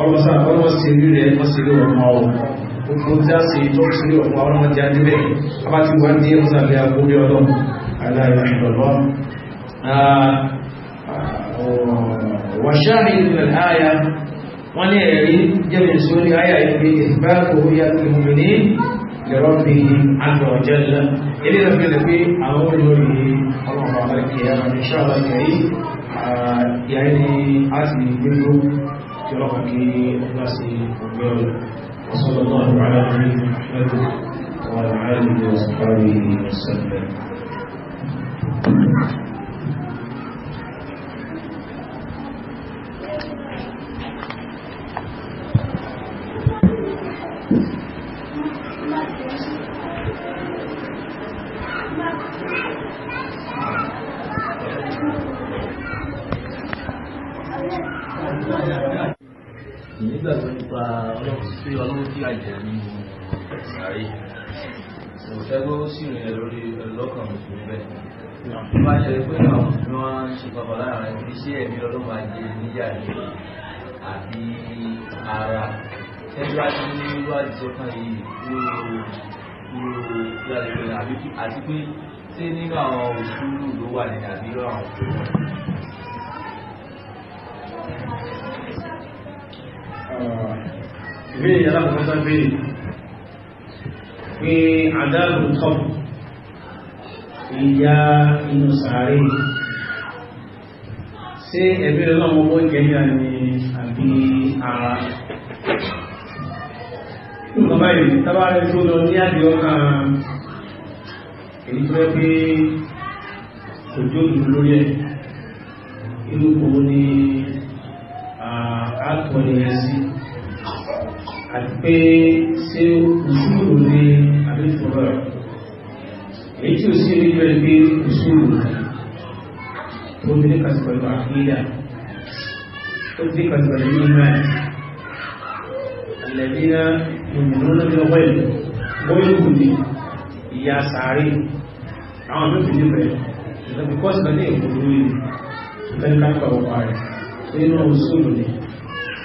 ọlọ́sàn ọlọ́sẹ̀rí rẹ̀ ọsẹ̀rí ọmọ ọkùn tí a sì tó sílé ọmọ ọlọ́mọdé adébẹ̀ abájú wà ní ẹmọ́sàlẹ̀ agbórí ọlọ́m aláìrọ̀lọ́ wọ́n ní ẹ̀rí jẹ́mì sórí àyà ìgbé ìbáàkò yà tó mú ní lẹ́rọ́bì àgbọ̀jẹ́lẹ̀ ilé ìrọ̀fẹ́lẹ̀ pé àwọn olórí ọlọ́pàá آه، يعني عزمي منه اعترافك أخلاصي وقال وصلى الله على نبينا محمد وعلى آله وصحبه وسلم pé ọlọ́run tí àjẹ́ ní sàárè ìfẹ́gbọ́ sí rìn lórí ọlọ́kàn mùsùlùmí bẹ́ẹ̀ tó bá jẹ́ pé àwọn mùsùlùmí wọn ń ṣe papọ̀ láàrin iṣẹ́ ẹ̀mí ọlọ́run àjẹ́ níyà ní àti ara ẹgbẹ́ àti ní irú àdìsọ́kàn yìí irú irú ìyàlẹ́gbẹ̀rẹ̀ àti pé tí nínú àwọn òṣùlù ló wà ní àbí irú àwọn òṣùlù Uh, ìbéèrè yàrá pọ̀fẹ́sà béèrè pé àdáàbò tọ́ ìyá inú sàárè ṣé ẹ̀bí rẹ̀ lọ́wọ́ ọmọ ìjẹ́yà ni àbí ara nǹkan báyìí tábà rẹ̀ tó lọ ní àdé ọkàn èyí tó rẹ̀ pé òjò lórí ẹ̀ inú kòó ni àátọ̀ ni ẹ̀ sí àti pé ṣé òṣùrù ní àdéjúbọ̀rọ̀ èyí tí ó sí orí rẹ̀ pé òṣùrù tó ní kàtí pẹ̀lú àkíyà tó ní kàtí pẹ̀lú mímọ̀ àlẹ́bíná ìmọ̀rún ní ọwọ́ ìlú bóyìnkù ní ìyá sàárè àwọn mẹ́fì ní rẹ̀ ìlẹ́bíkọ́sì náà ní rẹ̀ nínú òṣùrù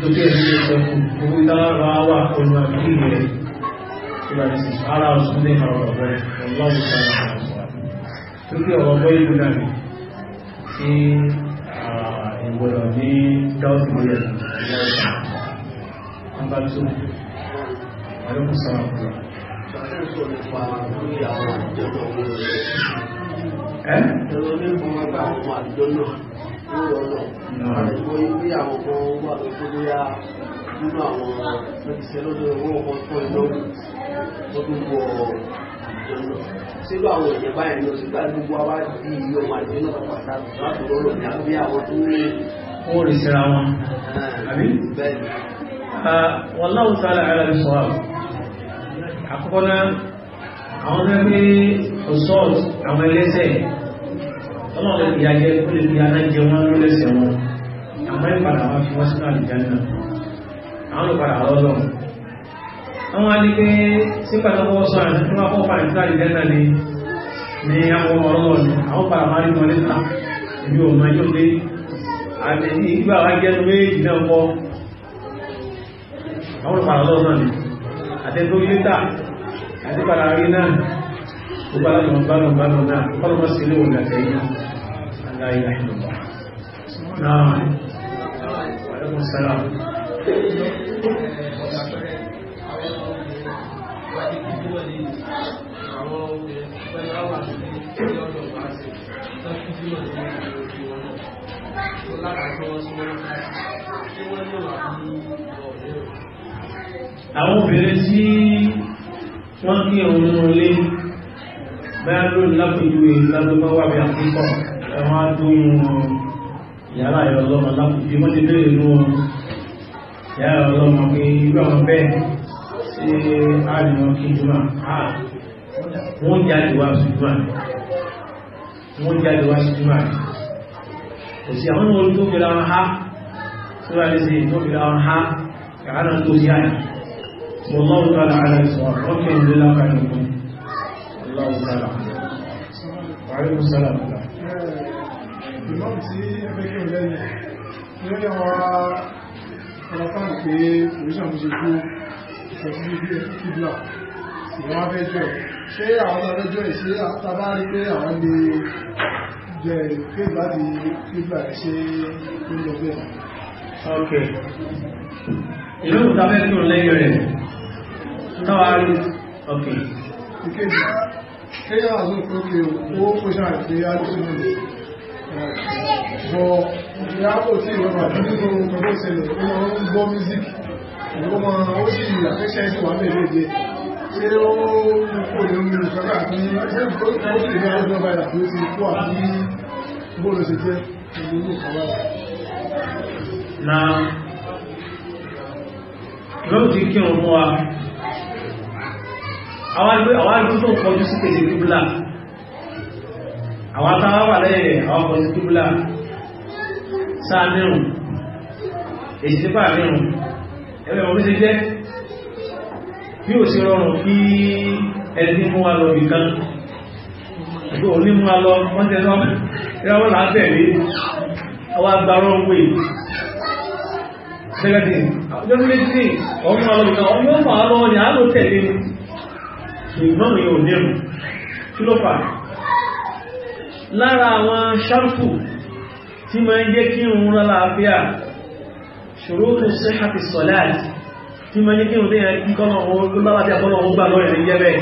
lókè ẹ̀sìn ìṣẹ́kù owó ìdára wà pẹ̀lú àbíkí rẹ̀ ìlàjì ara ọ̀sùn ní àwọn ọ̀rẹ́ ọlọ́run sára lókè ọ̀rọ̀ ọgbọ́ ìlú náà ni tí ìgbọ̀dọ̀ ní dáúdì mọ́lẹ̀ nígbà tó àlọ́kùn sára kúrò ẹ́ lórí ọ̀nà àìgbó ilé àwọn ọmọ wà tó tó lóyá nínú àwọn ìṣẹ́ lọ́dọ̀ owó ọkọ̀ tó iná tó tó wọ ìjọba sílò àwọn èèyàn báyìí lọ sí gbá gbogbo àwa di iye ọmọ àti iná pàtàkì láti lọ́rọ̀ ní àbí àwọn tó rí ó rí síra wọn àbí bẹ́ẹ̀ wọn láwọn sáré ara rẹ sọ àwọn àkọ́kọ́ náà àwọn fẹ́ pé ọ̀sọ́ọ̀tì àwọn ẹlẹ́sẹ̀ ọlọ́run lè fi ayé ó lè fi anájẹ wọn ló lẹ́sẹ̀ wọn àmọ́ ìpadà wọn fi wọ́n sínú àlùjáde náà àwọn olùpadà lọ́lọ́ àwọn adìgbé sípà tó wọ́n sọ àti fún akọ́ padà sí àlùjáde náà ni ní àwọn ọlọ́rọ̀ ni àwọn padà máa rí wọn níta èmi ò máa yóò dé àti ìgbà wa jẹ́ méjì náà kọ́ àwọn olùpadà lọ́lọ́ ni àtẹ́gbẹ́ orí níta àti padà rí náà وبعد من بعد من بعد من نعم قالوا بس لي ولا زينا لا اله الا الله نعم وعليكم السلام àwọn obìnrin tí wọ́n kí ọ̀run lé bẹ́ẹ̀ ló ní lápòjú ìlàdọ́gbọ́ wà bí àkíkọ̀ ẹwọ́n á tó wọn yàrá ẹ̀rọ lọ́mọ lápòjú wọ́n ti bẹ́ẹ̀ ló wọn yàrá ẹ̀rọ lọ́mọ pé irú àwọn tó gbẹ̀rẹ̀ wọn ha tó wà lè sí tó gbẹ̀rẹ̀ ha kàánà tó yára والله تعالى على الصواب وكيل Àríkù sọ́lá bùlá. Ìmọ̀ tí ẹgbẹ́ kí o lẹ́yìn, lórí àwọn ọlọ́pàá pé oríṣà mú pé àwọn ṣe ó lọ Ìlú ìtàbẹ́ kí o lẹ́yìn rẹ̀. Táwa rí. Ok kai yana zo ko ke ko ko sha ke ya ci ne bo ya ko ti wa ba ni ko ko ko se le ko mo gbọ́ music ko mo o si ya ke se wa me le je se o ko le mi ka ka ni se ko ko se ya lo ba la ko si ko a ni bo lo se je ni ko ka ba na lo ti ki on wa àwọn àgbẹ̀ tó ń kọjú sí kejì kíbùlà àwọn táwọn wà lẹ́yìn àwọn kọjú kíbùlà sáà mẹ́rùn èyí nípa mẹ́rùn ẹgbẹ́ ọmọ méjì jẹ́ bí ò sí rọrùn kí ẹni mú wa lọ nìkan ẹgbẹ́ òní mú wa lọ wọ́n tẹ́ lọ ìràwọ̀ láàbẹ̀rí àwọn agbárọ̀ ń wè sẹ́gẹ́dì àwọn ọmọ méjì ọmọ ṣùgbọ́n yóò nẹ́rù kí ló fà lára àwọn ṣarfù tí ma ń jẹ́ kí ń rán láàáfíà ṣòro tó ṣe àti sọ̀láàtì tí ma ń jẹ́ kí ń rán ìkọ́nà ọ̀rọ̀ láàáfíà kọ́nà ọ̀rọ̀ gbà lọ́rẹ̀ ní jẹ́bẹ̀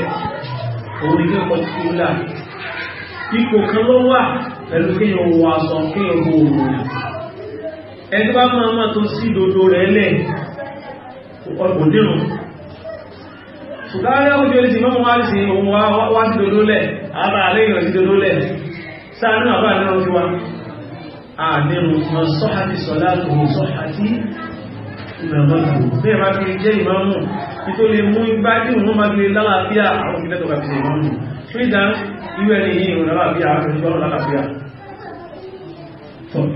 òun ni kí ń kọ́ sí kúrúlà ipò kan ló wà pẹ̀lú kí ń wọ aṣọ kí ń wọ òun ẹgbẹ́ bá máa máa tó sí ìdodo rẹ̀ lẹ̀ ọ̀pọ̀ dìrùn láàrin àwùjọ ilé ti mọ́mọ́ wá sí ohun wá sí dodo lẹ̀ àbá àlẹ́ ìrìn sí dodo lẹ̀ sáà nínú àbá nínú fi wá àmìrù ma sọ́hàtí sọ́látò sọ́hàtí ìrànlọ́tò bí ẹ̀má fi jẹ́ ìmọ́mù tí tó lè mú igbá tí òun máa gbé lálàáfíà àwọn ìpínlẹ̀ tọ́ka fi ìmọ́mù fídà ìwẹ̀ ní yìí ìrùn lálàáfíà àwọn ìjọ́rùn lálàáfíà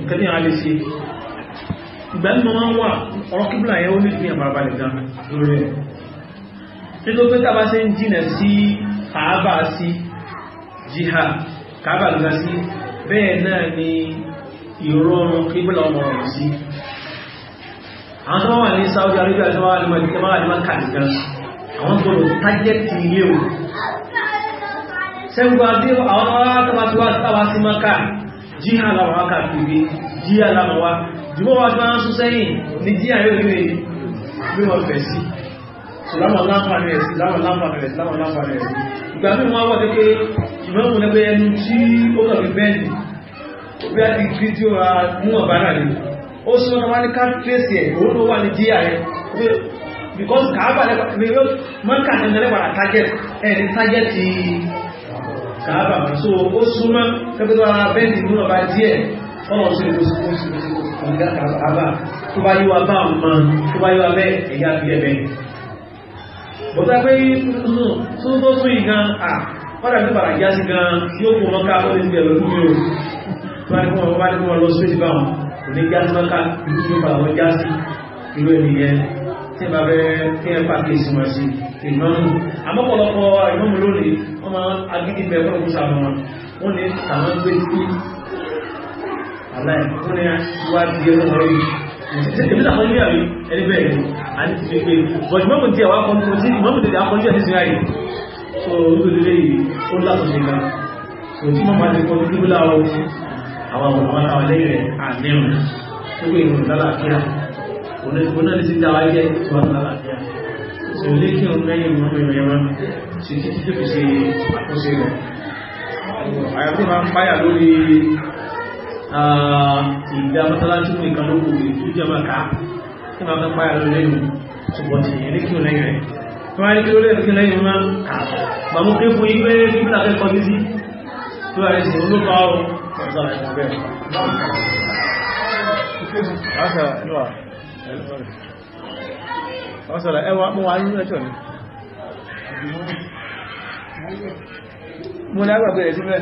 kẹ́lẹ́ àwọn alẹ́sí ìgbà ní wọ́n wà ọ̀rọ̀ kíbùlà yẹn ó ní ìpínyà bàbá nìkan lórí ẹ̀ tí ló pé tàbá ṣe ń jìnà sí kàábà sí jihad kàábà lọ́gbà sí bẹ́ẹ̀ náà ni ìrọ̀rùn kíbùlà ọmọ ọ̀rọ̀ sí àwọn tó wà ní Saudi Arabia tó wà nímọ̀ ìdíkẹ́ máa nímọ̀ kàdìkan àwọn tó lọ tájẹ́tì ilé o sẹ́gbọ́n adé àwọn arákàmàtíwá tàbá sí maka jíhà láwọn akáàkiri jíhà láwọn wá jùmọ́ wá tó wá ń sún sẹ́yìn ní jíhà yóò rí bí wọ́n fẹ̀ sí ìsìlámù aláǹfààní rẹ̀ ìsìlámù aláǹfààní rẹ̀ ìsìlámù aláǹfààní rẹ̀ ìgbà mí wọ́n wọ́n tẹ́kẹ́ ìmọ̀mù lẹ́gbẹ́ ẹnu tí ó kàbí bẹ́ẹ̀ni òbí á ti gbé tí ó ra mú ọ̀bá náà ni ó sọ ọ́nà wá ní káfíńsì ẹ̀ òun ló wà ní jíyà rẹ̀ because kàábà lẹ́gbẹ̀ẹ́ mọ́kà ní ẹlẹ́wàá target ẹ̀ ní so ó súnmọ́ kẹ́kẹ́ tó ra bẹ́ẹ̀ni mú ọ̀bá díẹ̀ ọ̀nà sí ìlú sí ìlú kàábà tó bá yíwa bá ọmọ tó bá yíwa bẹ́ẹ̀ ẹ̀yà bọ́tá pé tún hmm, tó tún ìgan à wọ́n dàbí bàrà já sí gan yóò kó mọ́ká ó lè ti bẹ̀rẹ̀ lórí o bá ní kọ́ bá ní kọ́ lọ sí ìbá wọn kò ní já sí mọ́ká ìlú tó bá wọn já sí ìlú ènìyàn tí bá bẹ́ kí ẹ pàkíyèsí wọn sí ìmọ̀mù àmọ́pọ̀lọpọ̀ ìmọ̀mù lónìí wọ́n máa agídí bẹ̀ fún ìkúsà wọn wọ́n ní tàwọn gbé sí aláì wọ́n ní wá di ẹlọ́wọ́ yìí ìbílẹ̀ àwọn ilé àrí ẹni bẹ́ẹ̀ ni a ní ti fi pé bọ̀dì mọ́mù tí àwọn akọni tí mọ́mù tẹ̀lé akọni àti sinra yìí so orí olè yìí ó látọ̀ sí ká so tí mọ́mù àti kọ́ ní bílá àwọn àwọn àwọn lẹ́yìn rẹ̀ àmẹ́rùn tó pé ìrùn lálàáfíà onígbóná ní ti dáwà jẹ́ tó wà lálàáfíà so ilé kí òun lẹ́yìn mọ́mù ìrẹ̀wọ̀n sí títí tó fi ṣe àkóso rẹ̀ àyàfíà máa ń páyà lórí ìgbà mọ́sálásí ní ìkàlókù ìtújọba ká tí ma fẹ́ páyà lórí ẹ̀yìn ṣùgbọ́n tí ẹ̀rí kí o lẹ́yìn rẹ̀ tí wọ́n rí kí o lẹ́yìn kí lẹ́yìn máa bà mú pé fún ìgbé bíbélà fẹ́ kọjú sí tí wọ́n rí sí olókọ́ ọ̀sọ̀rọ̀ ẹwà ni mo ní agbàgbẹ̀rẹ̀ sí mẹ́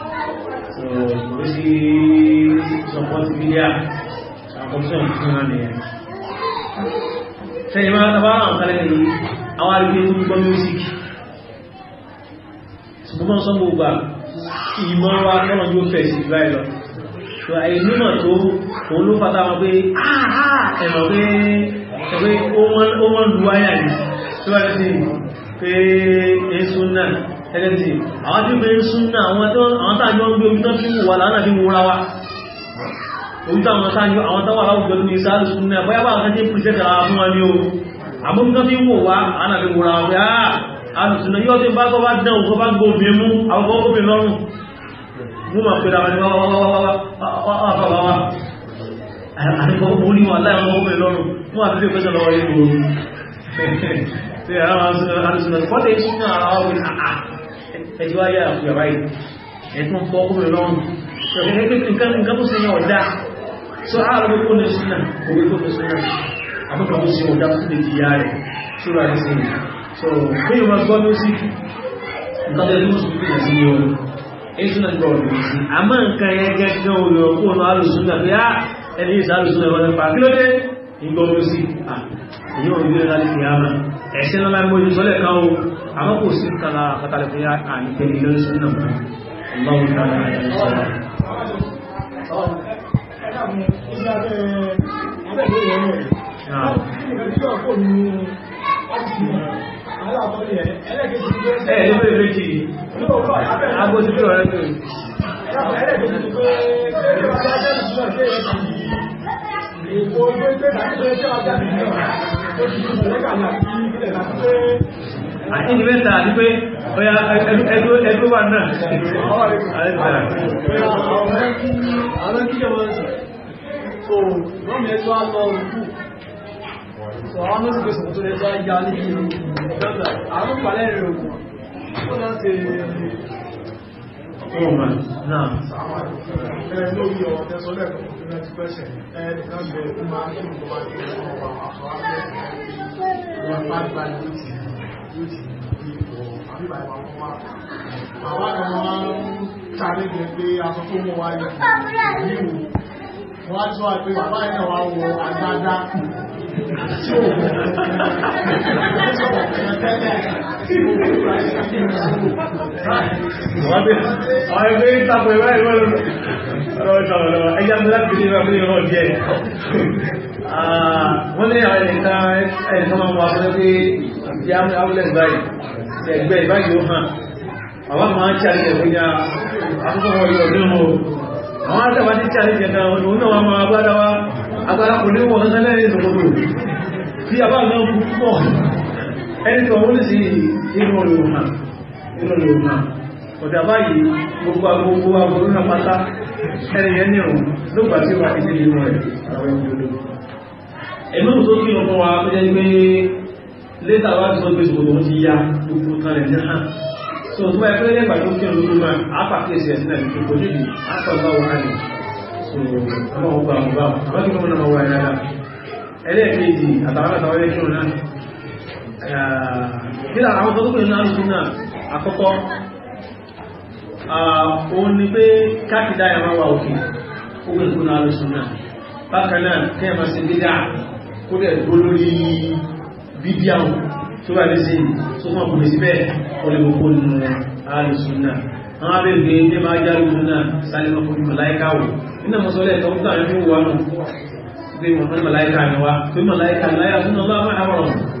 kò sí sọpọ́tì bídíà àkọ́sọ̀n tí wọ́n ní ẹ̀ sẹ́yìn máa tàbá àwọn kalẹ̀ ní àwọn arìnrìn tó ń gbọ́ mẹ́síkì ṣùgbọ́n sọ gbogbo ìmọ̀ wa kọ́nà yóò fẹ̀ sí ìgbà ìlọ ṣùgbọ́n àìmọ̀ tó òun ló fata wọn pé ẹ̀mọ̀ pé ó wọ́n lu wáyà ní síwájú sí pé èsùn náà ẹgẹ́tì àwọn tí ó bèèrè súnnà àwọn tàjọ ń gbé omi náà fi ń wà láàrín àti múra wa orí tàwọn tàjọ àwọn tàwà láwùjọ ní ìsáàlù súnnà báyá bá àwọn tí pèsè tàrà fún wa ní o àmọ́ nǹkan fi ń wò wá àwọn àti múra wa yá ah, àlùsùnà yóò tí bá bá dán òkú bá gbó obìnrin mú àwọn obìnrin lọ́rùn mú mà pé dáwọn wá wá wá wá wá wá àríkọ́ orí wà láì àwọn obìnrin lọ́rùn mú àti tí ó pèsè lọ́wọ́ yìí gbòòrò [laughs] ẹjọ́ ayé àfihàn báyìí ẹ̀tún fọ́ kúrò lọ́rùn ṣọ̀kẹ́kẹ́ Eu nǹkan tó sẹ́yìn ọ̀dá sọ ààrùn kó ní súnà òwe tó súnà àbúkà ó sì ọ̀dá tó lè di ya rẹ̀ ṣúra rẹ̀ sí sou pé yóò máa gbọ́ ló sí nǹkan tó lè sùn kúrò sí ni o ẹ súnà gbọ́ ọ̀dọ̀ sí àmọ́ nǹkan yẹn gẹ́gẹ́ ó lọ kó eu àrùn súnà pé á ah, ẹni yìí sàrùn súnà wọn pa kí ló dé ìgbọ́ ló sí à èyí ò ní lọ́lá ní kìí ẹ̀sìn náà láì mójú sọ́lẹ̀ kan o àmọ́ kò sí nǹkan lára pátálẹ̀ fún yá àìtẹ́ni lórí sí náà lọ́wọ́ ìtàlá Ìgbòho gbé gbé tàbí tó ẹjọ́ ọjọ́ ìrìnà, ó ti ṣe mọ̀lẹ́kà náà àti ìdí mẹ́ta àti pé ọya ẹgbẹ́ wà náà àwọn kíjọ wọn sọ so wọ́n mẹ́ tó á lọ rúkú so àwọn mẹ́sìnkú sọ tó lẹ́ tó á yá níbi ìrù àwọn pàlẹ́ ìrù ó lọ́ sí Àwọn ọmọ máa ń tàbí gbẹ̀gbẹ̀ aṣọ tó mọ́ wáyé nínú wọ́n tó wà pé bàbá ẹ̀nà wà wọ àgbádá tí ó wọ́n tẹ́lẹ̀ Ahora estoy esta prueba y bueno. No, no, no. Ella me la pidió a mí, no, bien. Wọ́n ní àwọn ẹ̀ka ẹ̀sán ọmọ akọ́jọ́ pé ìyá abúlé báyìí, ẹgbẹ́ ìbáyìí ó hàn. Àwọn máa ń ṣàlẹ̀ ìgbéga akọ́kọ́ ọ̀yọ́ ọdún o. Àwọn àtàwọn ti ṣàlẹ̀ ìjẹta ọdún, òun náà wọ́n máa gbára wa, agbára kò ní wọ́n náà kú pọ̀ ẹni tó wọ́n sí inú olùhàn inú olùhàn ọ̀dà báyìí gbogbo agbogbo agbogbo náà pátá ẹni yẹn ní ọ̀run lóògbà tí wà ní ilé rẹ̀ àwọn ìjọdọ̀ ẹ̀mí òtó kí ọmọ wa tó jẹ́ pé létà wá tó gbé ṣòkòtò ti ya gbogbo kan rẹ̀ náà so tó wáyé pé lẹ́gbà tó kí ọmọ wa apàkíyèsí ẹ̀ sílẹ̀ nítorí kò níbi apàgbà wà ní so ọmọ ọgbà ọgbà àwọn ìgbà wọn náà wà ní ẹlẹ́ẹ̀kejì àtàwọn àtàwọn ẹlẹ́kùn náà nílà àwọn tó tókùnrin náà lùsùn náà àkọ́kọ́ òun ni pé káàkìdá ẹ̀mà wà òkè ogun ìkún náà lùsùn náà bákan náà kẹ́ẹ̀mà sí dídá kó dẹ̀ tó lórí bídíàwó tó bá lẹ́sí tó mọ̀ kùnrin síbẹ̀ olùgbòkó nínú alùsùn náà àwọn abẹ́gbẹ́ ní máa járe òun náà sálẹ́mọ̀ fún mọ̀láíkáwò nínú mọ̀sọ́lẹ̀ tó ń tàn ní wọn pé mọ̀láíkà ni wa pé mọ̀láíkà láyà fún ọlọ́mọ àwọn ọ̀rọ̀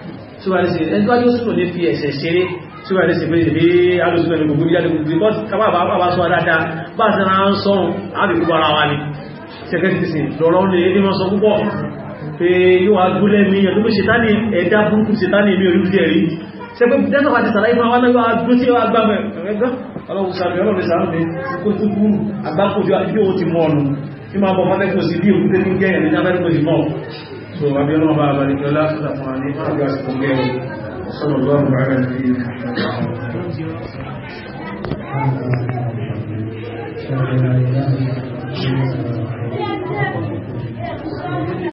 síwárísì ẹni tó yóò súnmọ̀ lè fi ẹ̀ṣẹ̀ ṣeré síwárísì pé ìbí alùsùnmọ̀ ní gbogbo ìjáde gbogbo ìkọ́ kábà bá bá sọ dáadáa bá ti ra ń sọrùn ábìkú bára wa ni sẹkẹtìsì lọ́rọ̀ ní ẹni wọ́n sọ púpọ̀ pé yóò wá gúnlẹ̀ mi ẹ̀dùn pé ṣetánì ẹ̀dá burúkú ṣetánì mi orí ẹ̀rí sẹ́pẹ́ dẹ́sọ̀ àti sàlàyé fún àwọn ẹgbẹ́ agbó tí wọ́n gbàmẹ̀ ẹgbẹ́ ọlọ́run sàmì ọlọ́run sàmì kó tó kú agbákòjọ àti bí ó ti mọ́ ọ̀nù tí máa bọ̀ mọ́lẹ́kùn sí bí òkúté ní gẹ́yẹ̀ ní abẹ́rẹ́kùn sí mọ́ tó wà bí ọlọ́mọba àbàlẹ̀kẹ́ lásìlá fún wa ní ọgbà sí fún gẹ́rù sọ́lọ̀ lọ́rùn rẹ̀ ní Thank you.